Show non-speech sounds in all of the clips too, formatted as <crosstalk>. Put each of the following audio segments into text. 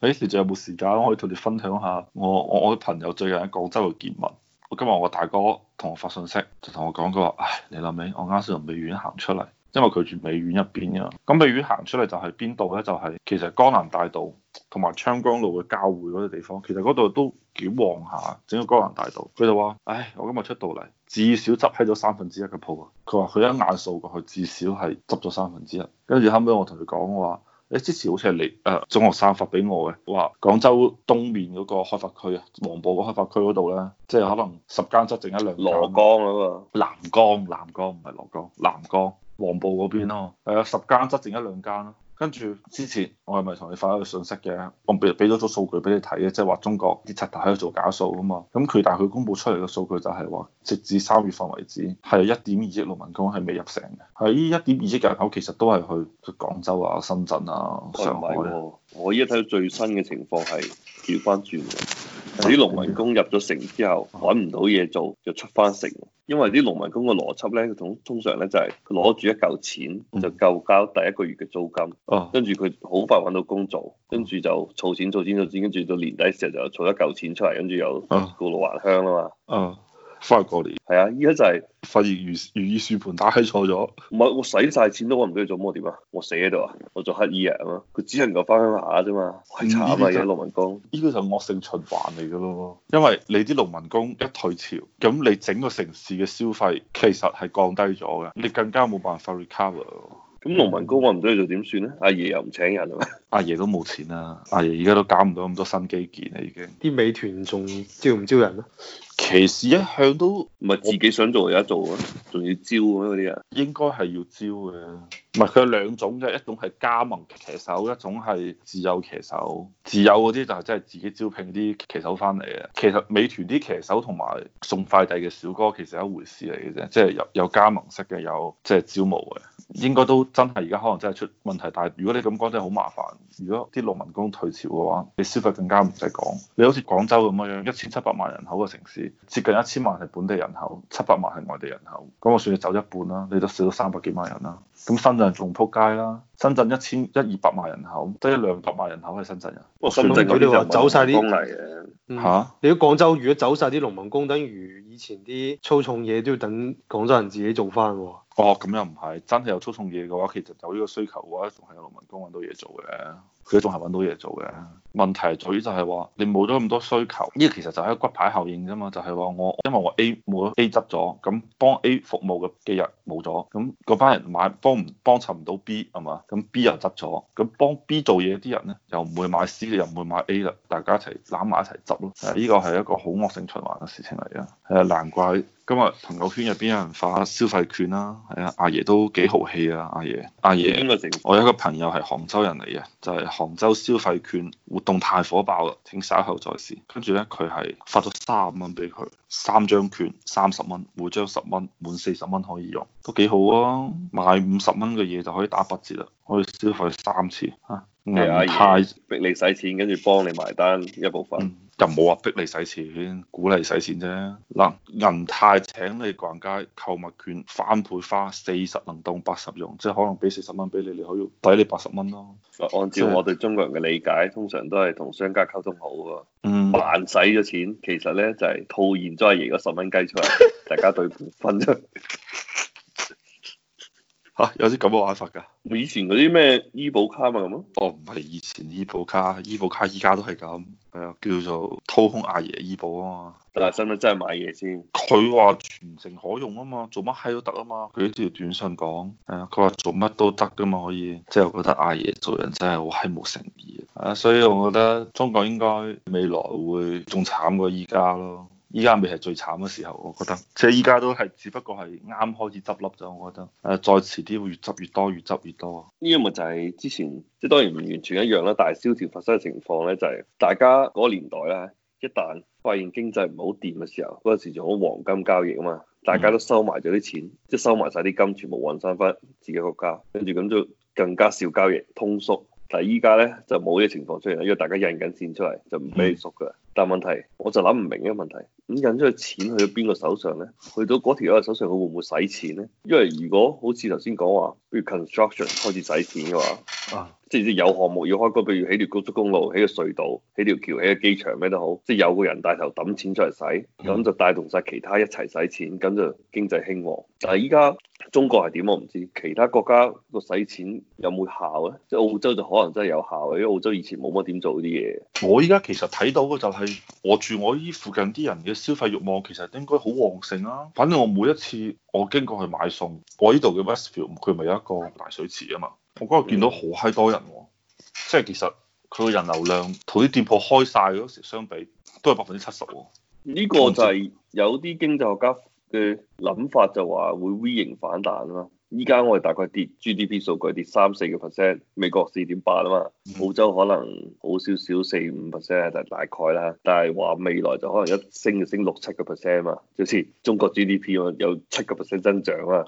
誒，時陣、欸、有冇時間可以同你分享下我？我我我朋友最近喺廣州嘅見聞。我今日我大哥同我發信息，就同我講佢話：唉，你諗起，我啱先從美院行出嚟，因為佢住美院入邊啊。」咁美院行出嚟就係邊度咧？就係、是、其實江南大道同埋昌江路嘅交匯嗰啲地方。其實嗰度都幾旺下，整個江南大道。佢就話：唉，我今日出到嚟，至少執喺咗三分之一嘅鋪啊！佢話佢一眼掃過去，至少係執咗三分之一。跟住後尾我同佢講話。誒，之前好似係嚟誒中學生發俾我嘅，話廣州東面嗰個開發區啊，黃埔嗰開發區嗰度咧，即係可能十間執剩一兩間，蘿崗啊嘛、那個，南崗南崗唔係蘿崗，南崗黃埔嗰邊咯，係、嗯、啊十間執剩一兩間咯。跟住之前，我係咪同你發咗個信息嘅？我唔俾俾咗組數據俾你睇嘅，即係話中國啲柒頭喺度做假數啊嘛。咁佢但係佢公佈出嚟嘅數據就係話，直至三月份為止，係有一點二億農民工係未入城嘅。係呢一點二億人口其實都係去廣州啊、深圳啊、上海我依家睇到最新嘅情況係調翻轉嘅，啲農民工入咗城之後揾唔到嘢做，就出翻城。因為啲農民工嘅邏輯咧，佢通通常咧就係攞住一嚿錢就夠交第一個月嘅租金，跟住佢好快揾到工做，跟住就儲錢儲錢儲錢，跟住到年底時候就儲一嚿錢出嚟，跟住又過路還鄉吖嘛。嗯嗯翻去過年，係啊，依家就係發現如如意算盤打起錯咗，唔係我使晒錢都揾唔到嘢做，咁我點啊？我死喺度啊！我做乞兒啊嘛，佢只能夠返鄉下啫嘛，係慘啊！依家農民工，呢個就惡性循環嚟噶咯，因為你啲農民工一退潮，咁你整個城市嘅消費其實係降低咗嘅，你更加冇辦法 recover。咁農民工揾唔到嘢做，點算咧？阿爺，爺又唔請人啊？阿爺都冇錢啦，阿爺而家都搞唔到咁多新基建啦，已經。啲美團仲招唔招人咧？騎士一向都唔係自己想做而家做啊，仲我 要招咩嗰啲人？應該係要招嘅。唔係佢有兩種嘅，一種係加盟騎手，一種係自有騎手。自有嗰啲就係真係自己招聘啲騎手翻嚟嘅。其實美團啲騎手同埋送快遞嘅小哥其實係一回事嚟嘅啫，即係有有加盟式嘅，有即係招募嘅。應該都真係而家可能真係出問題，但係如果你咁講真係好麻煩。如果啲農民工退潮嘅話，你消費更加唔使講。你好似廣州咁樣，一千七百萬人口嘅城市，接近一千萬係本地人口，七百萬係外地人口。咁我算你走一半啦，你都少咗三百幾萬人啦。咁深圳仲仆街啦，深圳一千一二百萬人口，得一兩百萬人口係深圳人。哦、深圳佢哋話走晒啲農民工嚟嘅嚇，嗯啊、你講廣州如果走晒啲農民工，等於以前啲粗重嘢都要等廣州人自己做翻喎。哦，咁又唔係，真係有粗重嘢嘅話，其實就有呢個需求嘅話，仲係有農民工揾到嘢做嘅。佢都仲係揾到嘢做嘅。問題係在於就係話你冇咗咁多需求，呢個其實就係一個骨牌效應啫嘛。就係話我因為我 A 冇咗 A 執咗，咁幫 A 服務嘅嘅人冇咗，咁嗰班人買幫唔幫襯唔到 B 係嘛？咁 B 又執咗，咁幫 B 做嘢啲人咧又唔會買 C，又唔會買 A 啦。大家一齊攬埋一齊執咯。呢個係一個好惡性循環嘅事情嚟嘅。難怪今日朋友圈入邊有人發消費券啦，係啊，阿爺都幾豪氣啊！阿爺，阿爺，我有一個朋友係杭州人嚟嘅，就係杭州消費券活動太火爆啦，請稍後再試。跟住呢，佢係發咗三十蚊俾佢，三張券，三十蚊，每張十蚊，滿四十蚊可以用，都幾好啊！買五十蚊嘅嘢就可以打八折啦，可以消費三次啊！銀泰逼你使錢，跟住幫你埋單一部分，又冇話逼你使錢，鼓勵你使錢啫。嗱，銀泰請你逛街購物券翻倍花，四十能當八十用，即係可能俾四十蚊俾你，你可以抵你八十蚊咯。按照我哋中國人嘅理解，就是、通常都係同商家溝通好，扮使咗錢，其實咧就係、是、套現咗阿爺嗰十蚊雞出嚟， <laughs> 大家對半分。出 <laughs> 吓、啊，有啲咁嘅玩法噶、啊？以前嗰啲咩醫保卡嘛咁咯？哦，唔係以前醫保卡，醫保卡依家都係咁，係、啊、叫做掏空阿爺醫保啊嘛。嗱、啊，要要真係真係買嘢先。佢話全程可用啊嘛，做乜閪都得啊嘛。佢呢條短信講，係佢話做乜都得噶嘛，可以。即、就、係、是、我覺得阿爺做人真係好閪無誠意啊。所以我覺得中國應該未來會仲慘過依家咯。依家未係最慘嘅時候，我覺得，即係依家都係只不過係啱開始執笠咗。我覺得，誒再遲啲會越執越多，越執越多。呢個咪就係之前，即係當然唔完全一樣啦，但係蕭條發生嘅情況咧，就係、是、大家嗰個年代啦，一旦發現經濟唔好掂嘅時候，嗰陣時就好黃金交易啊嘛，大家都收埋咗啲錢，嗯、即係收埋晒啲金，全部運曬翻自己國家，跟住咁就更加少交易，通縮。但係依家咧就冇呢個情況出現，因為大家印緊錢出嚟，就唔俾你縮噶。嗯、但係問題，我就諗唔明呢個問題。咁引咗嘅錢去咗邊個手上咧？去到嗰條友嘅手上，佢會唔會使錢咧？因為如果好似頭先講話，譬如 construction 開始使錢嘅話，啊，即係有項目要開工，譬如起條高速公路、起個隧道、起條橋、起個機場，咩都好，即係有個人帶頭揼錢出嚟使，咁、嗯、就帶動晒其他一齊使錢，咁就經濟興旺。但係依家中國係點我唔知，其他國家個使錢有冇效咧？即係澳洲就可能真係有效嘅，因為澳洲以前冇乜點做啲嘢。我依家其實睇到嘅就係我住我依附近啲人嘅。消費欲望其實應該好旺盛啊！反正我每一次我經過去買餸，我呢度嘅 Westfield 佢咪有一個大水池啊嘛！我嗰日見到好閪多人喎，即係其實佢個人流量同啲店鋪開晒嗰時相比都，都係百分之七十喎。呢個就係有啲經濟學家嘅諗法，就話會 V 型反彈啦。依家我哋大概跌 GDP 數據跌三四個 percent，美國四點八啊嘛，澳洲可能好少少四五 percent，就大概啦。但係話未來就可能一升就升六七個 percent 啊嘛，就好似中國 GDP 有七個 percent 增長啊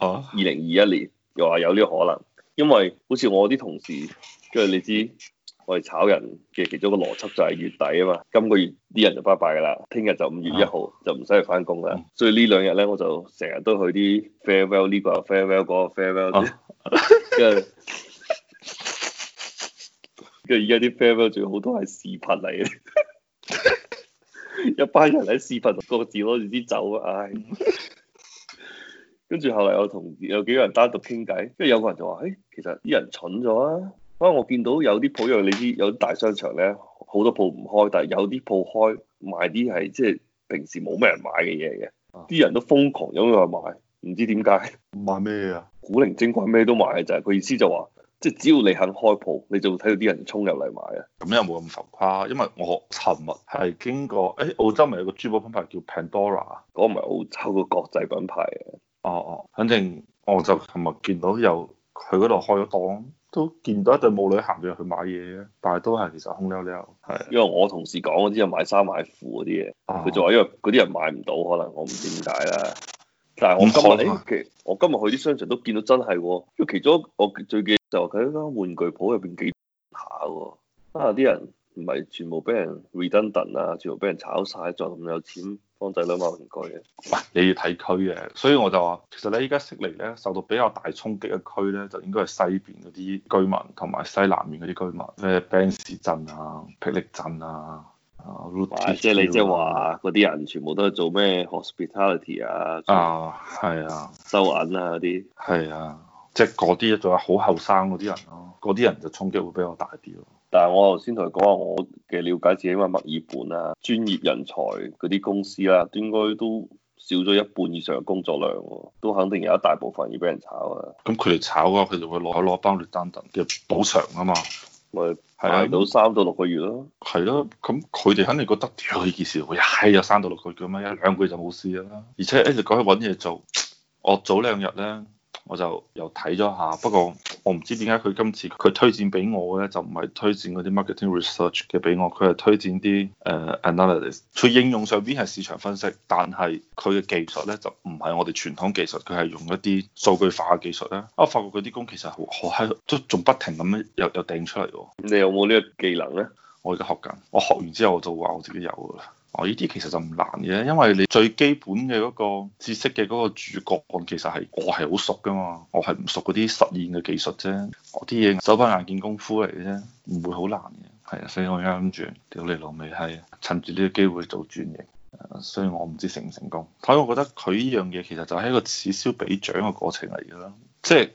嘛，二零二一年又話有呢個可能，因為好似我啲同事，即係你知。我哋炒人嘅其中一個邏輯就係月底啊嘛，今個月啲人就拜拜噶啦，聽日、啊、就五月一號就唔使去翻工啦，嗯、所以兩呢兩日咧我就成日都去啲 farewell 呢個 farewell 嗰個 farewell，跟住跟住而家啲 farewell 仲好多係視頻嚟，嘅，一班人喺視頻各自攞住啲酒，唉、哎， <laughs> 來跟住後嚟我同有幾個人單獨傾偈，跟住有個人就話，唉、欸，其實啲人蠢咗啊。所以我見到有啲鋪有你知有啲大商場咧，好多鋪唔開，但係有啲鋪開賣啲係即係平時冇咩人買嘅嘢嘅，啲、啊、人都瘋狂咁樣去買，唔知點解賣咩啊？古靈精怪咩都買就係佢意思就話，即係只要你肯開鋪，你就會睇到啲人衝入嚟買啊！咁又冇咁浮誇，因為我尋日係經過，誒、欸、澳洲咪有個珠寶品牌叫 Pandora，嗰個唔係澳洲嘅國際品牌哦哦，反正、啊、我就尋日見到有佢嗰度開咗檔。都見到一對母女行咗入去買嘢嘅，但係都係其實空溜溜。係，因為我同事講嗰啲係買衫買褲嗰啲嘢，佢就話因為嗰啲人買唔到，可能我唔知點解啦。但係我今日其、啊欸、我今日去啲商場都見到真係，因為其中我最記得就話佢間玩具鋪入邊幾下喎。啊！啲人唔係全部俾人 redundant 啊，全部俾人炒晒，曬，咁有錢。幫仔啦嘛，唔該嘅。唔、啊、你要睇區嘅，所以我就話，其實咧依家悉尼咧受到比較大衝擊嘅區咧，就應該係西邊嗰啲居民同埋西南面嗰啲居民，咩 Ben’s 鎮啊、霹靂鎮啊、啊 Loots，即係你即係話嗰啲人全部都係做咩 hospitality 啊？啊，係啊，收銀啊嗰啲。係啊，即係嗰啲仲有好後生嗰啲人咯，嗰啲人就衝擊會比較大啲咯。但係我頭先同佢講話，我嘅了解自己因墨爾本啊，專業人才嗰啲公司啦、啊，應該都少咗一半以上嘅工作量、啊，都肯定有一大部分要俾人炒啊。咁佢哋炒嘅、啊、話，佢哋會攞攞包劣單等嘅補償啊嘛。我係捱到三、啊、到六個月咯、啊。係咯、啊，咁佢哋肯定覺得屌呢件事會係有三到六個月咁樣，一兩個月就冇事啦。而且一直講去揾嘢做，我早兩日咧。我就又睇咗下，不過我唔知點解佢今次佢推薦俾我嘅就唔係推薦嗰啲 marketing research 嘅俾我，佢係推薦啲誒、uh, analysis。佢應用上邊係市場分析，但係佢嘅技術咧就唔係我哋傳統技術，佢係用一啲數據化嘅技術咧。我發覺佢啲工其實好，好閪都仲不停咁樣又又掟出嚟。咁你有冇呢個技能咧？我而家學緊，我學完之後我就話我自己有㗎啦。我呢啲其實就唔難嘅，因為你最基本嘅嗰個知識嘅嗰個主角，其實係我係好熟噶嘛。我係唔熟嗰啲實驗嘅技術啫，我啲嘢手板眼見功夫嚟嘅啫，唔會好難嘅。係啊，所以我而家諗住屌你老味，係趁住呢個機會做轉型。所以我唔知成唔成功。所以我覺得佢呢樣嘢其實就係一個此消彼長嘅過程嚟嘅啦，即係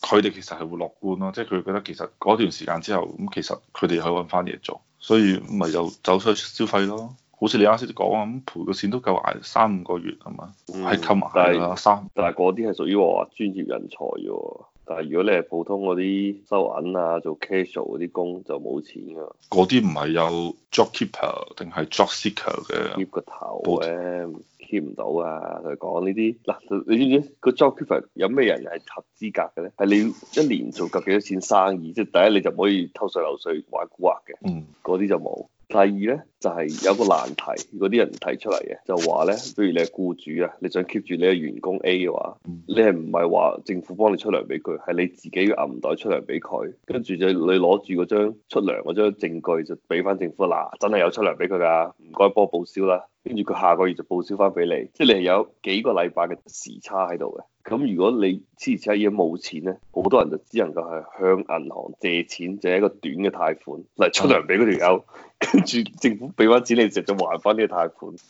佢哋其實係會樂觀咯，即係佢覺得其實嗰段時間之後咁，其實佢哋可以揾翻嘢做，所以咪又走出去消費咯。好似你啱先講咁賠嘅錢都夠捱三五個月係嘛？係夠捱㗎啦，三但係嗰啲係屬於我話專業人才嘅，但係如果你係普通嗰啲收銀啊、做 casual 嗰啲工就冇錢㗎。嗰啲唔係有 job keeper 定係 job seeker 嘅 keep 個頭嘅，keep 唔到啊！佢講呢啲嗱，你知唔知個 job keeper 有咩人係合資格嘅咧？係你一年做夠幾多錢生意，即係第一你就唔可以偷稅漏稅玩蠱惑嘅。嗯，嗰啲就冇。第二呢，就係、是、有個難題，如果啲人提出嚟嘅就話咧，譬如你係僱主啊，你想 keep 住你嘅員工 A 嘅話，你係唔係話政府幫你出糧俾佢？係你自己銀袋出糧俾佢，跟住就你攞住嗰張出糧嗰張證據就俾返政府嗱，真係有出糧俾佢㗎，唔該幫我報銷啦。跟住佢下個月就報銷翻俾你，即係你係有幾個禮拜嘅時差喺度嘅。咁如果你黐線而家冇錢咧，好多人就只能夠係向銀行借錢，就係一個短嘅貸款嚟出糧俾嗰條友，跟住政府俾翻錢你，直接還翻呢個貸款。 <laughs>